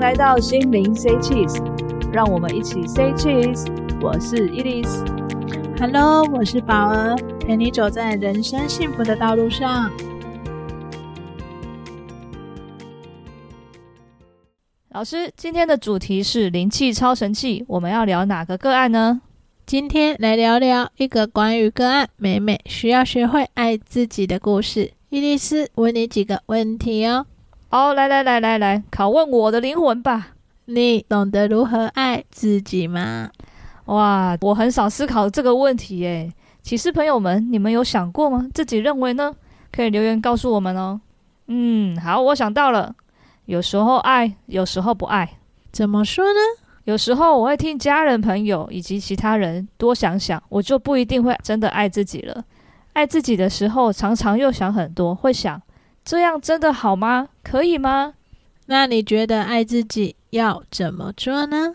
來到心靈，say cheese，讓我們一起 say cheese。我是伊莉絲，Hello，我是寶兒，陪你走在人生幸福的道路上。老師，今天的主題是靈氣超神氣，我們要聊哪個個案呢？今天來聊聊一個關於個案，美美需要學會愛自己的故事。伊莉絲，問你幾個問題哦。好、oh，來來來來來，拷問我的靈魂吧！你懂得如何愛自己嗎？哇，我很少思考這個問題誒。其實朋友們，你們有想過嗎？自己認為呢？可以留言告訴我們哦、喔。嗯，好，我想到了。有時候愛，有時候不愛，怎麼說呢？有時候我會聽家人、朋友以及其他人多想想，我就不一定會真的愛自己了。愛自己的時候，常常又想很多，會想。這樣真的好嗎？可以嗎？那你覺得愛自己要怎麼做呢？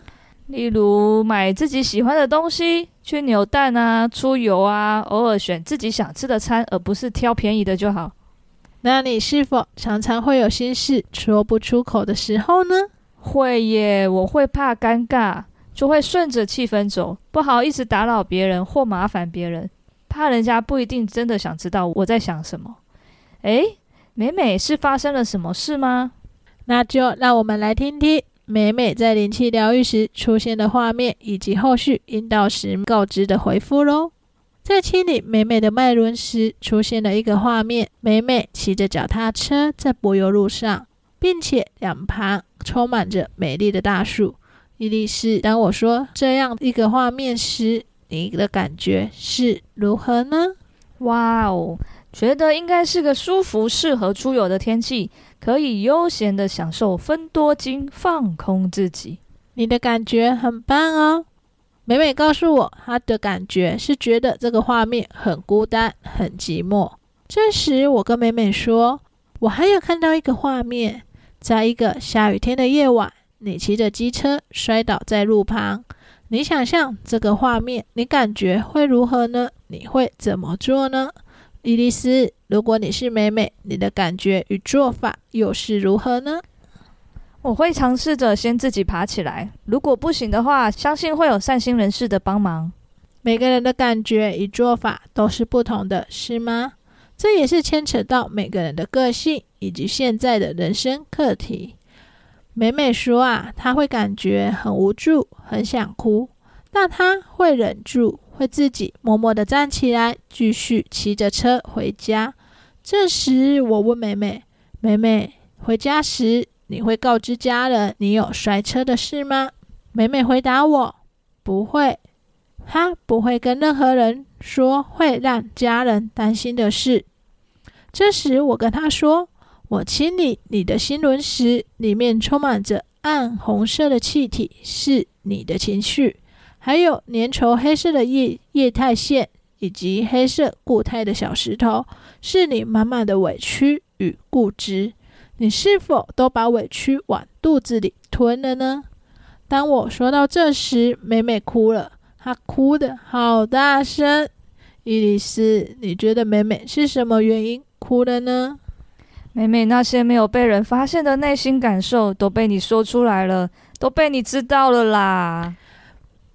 例如買自己喜歡的東西，去扭蛋啊，出遊啊，偶爾選自己想吃的餐，而不是挑便宜的就好。那你是否常常會有心事說不出口的時候呢？會耶，我會怕尷尬，就會順着氣氛走，不好意思打擾別人或麻煩別人，怕人家不一定真的想知道我在想什麼。誒。美美是發生了什麼事嗎？那就讓我們來聽聽美美在靈氣療癒時出現的畫面，以及後續引導時告知的回復嘍。在清理美美的脈輪時，出現了一個畫面：美美騎着腳踏車在柏油路上，並且兩旁充滿着美麗的大樹。伊莉絲，當我說這樣一個畫面時，你的感覺是如何呢？哇哦、wow！覺得應該是個舒服、適合出遊的天氣，可以悠閒的享受芬多精，放空自己。你的感覺很棒哦。美美告訴我，她的感覺是覺得這個畫面很孤單、很寂寞。這時，我跟美美說，我還有看到一個畫面，在一個下雨天的夜晚，你騎着機車摔倒在路旁。你想象這個畫面，你感覺會如何呢？你會怎麼做呢？伊莉絲，如果你是美美，你的感覺與做法又是如何呢？我會嘗試着先自己爬起來，如果不行的話，相信會有善心人士的幫忙。每個人的感覺與做法都是不同的，是嗎？這也是牽扯到每個人的個性以及現在的人生課題。美美說啊，她會感覺很無助，很想哭，但她會忍住。會自己默默的站起來，繼續騎着車回家。這時，我問美美：“美美，回家時你會告知家人你有摔車的事嗎？”美美回答我：“不會，她不會跟任何人說會讓家人擔心的事。”這時，我跟她說：“我清理你的心輪時，裡面充滿着暗紅色的氣體，是你的情緒。”還有粘稠黑色的液液態線，以及黑色固態的小石頭，是你滿滿的委屈與固執。你是否都把委屈往肚子裡吞了呢？當我說到這時，美美哭了，她哭得好大聲。伊莉絲，你覺得美美是什麼原因哭了呢？美美那些沒有被人發現的內心感受，都被你說出來了，都被你知道了啦。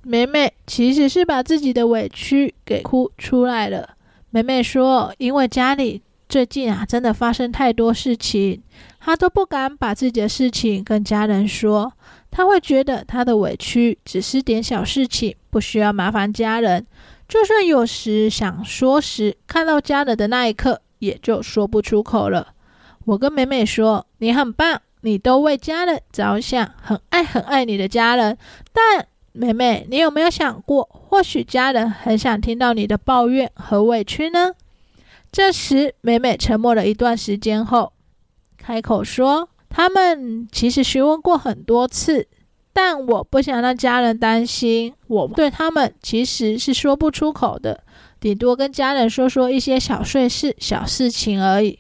美美其實是把自己的委屈給哭出來了。美美說：“因為家裡最近啊，真的發生太多事情，她都不敢把自己的事情跟家人說。她會覺得她的委屈只是點小事情，不需要麻煩家人。就算有時想說時，看到家人的那一刻，也就說不出口了。”我跟美美說：“你很棒，你都為家人着想，很愛很愛你的家人，但……”美美，你有沒有想過，或許家人很想聽到你的抱怨和委屈呢？這時，美美沉默了一段時間後，開口說：“他們其實詢問過很多次，但我不想讓家人擔心。我對他們其實是說不出口的，頂多跟家人說說一些小碎事、小事情而已。”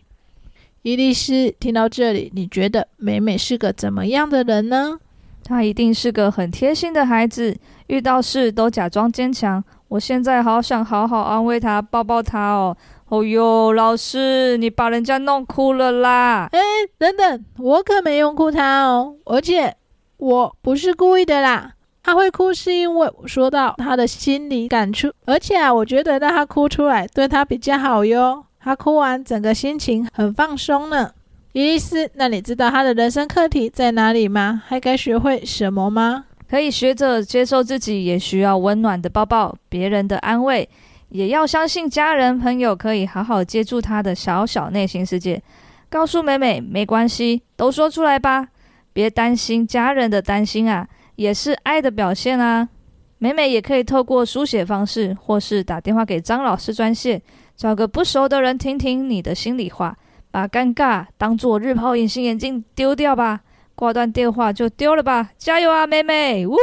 伊麗絲，聽到這裡，你覺得美美是個怎麼樣的人呢？他一定是個很貼心的孩子，遇到事都假裝堅強。我現在好想好好安慰他，抱抱他哦。哦喲，老師，你把人家弄哭了啦！哎，等等，我可沒用哭他哦，而且我不是故意的啦。他會哭是因為我說到他的心理感觸，而且啊，我覺得讓他哭出來對他比較好喲。他哭完整個心情很放鬆呢。伊莉絲，那你知道他的人生課題在哪裡嗎？還該學會什麼嗎？可以學着接受自己，也需要溫暖的抱抱、別人的安慰，也要相信家人朋友可以好好接住他的小小內心世界。告訴美美，沒關係，都說出來吧，別擔心家人的擔心啊，也是愛的表現啊。美美也可以透過書寫方式，或是打電話給張老師專線，找個不熟的人聽聽你的心裡話。把尷尬當做日拋隱形眼鏡丟掉吧，掛斷電話就丟了吧。加油啊，美美！嗚，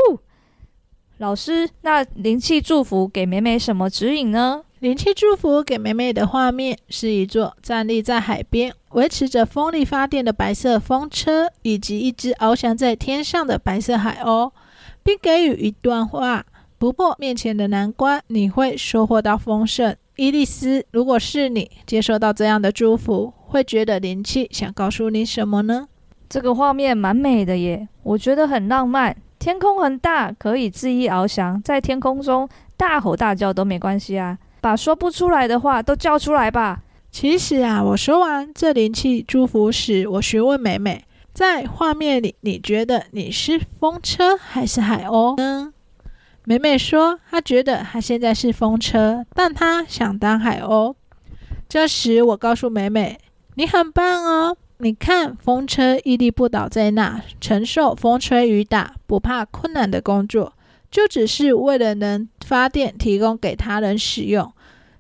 老師，那靈氣祝福給美美什麼指引呢？靈氣祝福給美美的畫面是一座站立在海邊、維持着風力發電的白色風車，以及一隻翱翔在天上的白色海鷗，並給予一段話：不過面前的難關，你會收穫到豐盛。伊莉絲，如果是你接收到這樣的祝福。會覺得靈氣想告訴你什麼呢？這個畫面蠻美的耶，我覺得很浪漫。天空很大，可以恣意翱翔，在天空中大吼大叫都沒關係啊！把說不出來的話都叫出來吧。其實啊，我說完這靈氣祝福時，我詢問美美，在畫面裡你覺得你是風車還是海鷗呢？美美說，她覺得她現在是風車，但她想當海鷗。這時，我告訴美美。你很棒哦！你看，風車屹立不倒在那，承受風吹雨打，不怕困難的工作，就只是為了能發電，提供給他人使用。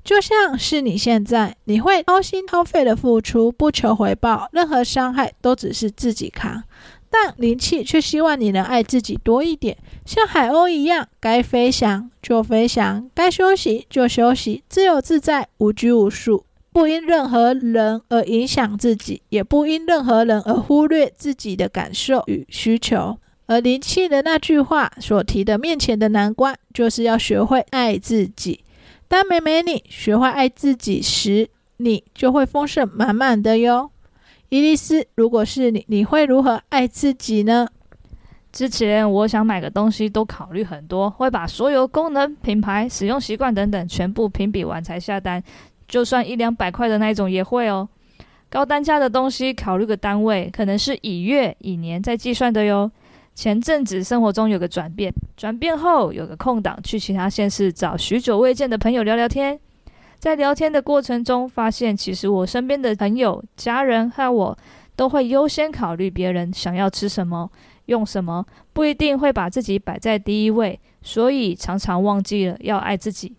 就像是你現在，你會掏心掏肺的付出，不求回報，任何傷害都只是自己扛。但靈氣卻希望你能愛自己多一點，像海鷗一樣，該飛翔就飛翔，該休息就休息，自由自在，無拘無束。不因任何人而影響自己，也不因任何人而忽略自己的感受與需求。而靈氣的那句話所提的面前的難關，就是要學會愛自己。當美美你學會愛自己時，你就會豐盛滿滿的喲。伊莉絲，如果是你，你會如何愛自己呢？之前我想買個東西，都考慮很多，會把所有功能、品牌、使用習慣等等全部評比完才下單。就算一兩百塊的那一種也會哦，高單價的東西考慮個單位，可能是以月、以年在計算的喲。前陣子生活中有個轉變，轉變後有個空檔，去其他縣市找許久未見的朋友聊聊天。在聊天的過程中，發現其實我身邊的朋友、家人和我，都會優先考慮別人想要吃什麼、用什麼，不一定會把自己擺在第一位，所以常常忘記了要愛自己。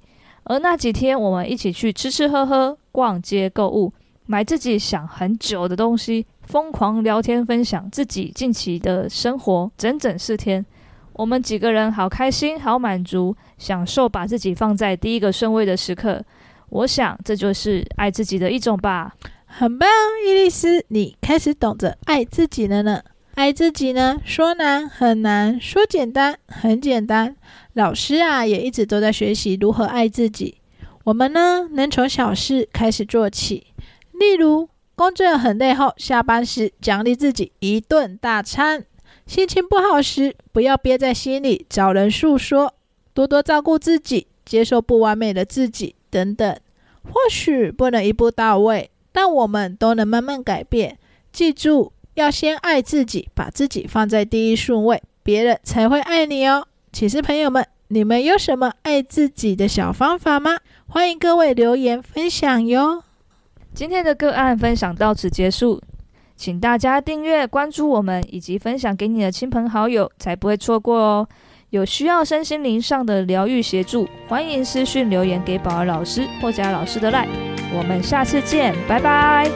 而那幾天，我們一起去吃吃喝喝、逛街購物，買自己想很久的東西，瘋狂聊天分享自己近期的生活，整整四天，我們幾個人好開心、好滿足，享受把自己放在第一個順位的時刻。我想，這就是愛自己的一種吧。很棒，伊莉絲，你開始懂得愛自己了呢。愛自己呢，說難很難，說簡單很簡單。老師啊，也一直都在學習如何愛自己。我們呢，能從小事開始做起，例如工作很累後，下班時獎勵自己一頓大餐；心情不好時，不要憋在心裡，找人訴說，多多照顧自己，接受不完美的自己等等。或許不能一步到位，但我們都能慢慢改變。記住，要先愛自己，把自己放在第一順位，別人才會愛你哦。其實朋友們，你們有什麼愛自己的小方法嗎？歡迎各位留言分享喲。今天的個案分享到此結束，請大家訂閱關注我們，以及分享給你的親朋好友，才不會錯過哦。有需要身心靈上的療癒協助，歡迎私訊留言給寶兒老師或家老師的 LINE。我們下次見，拜拜。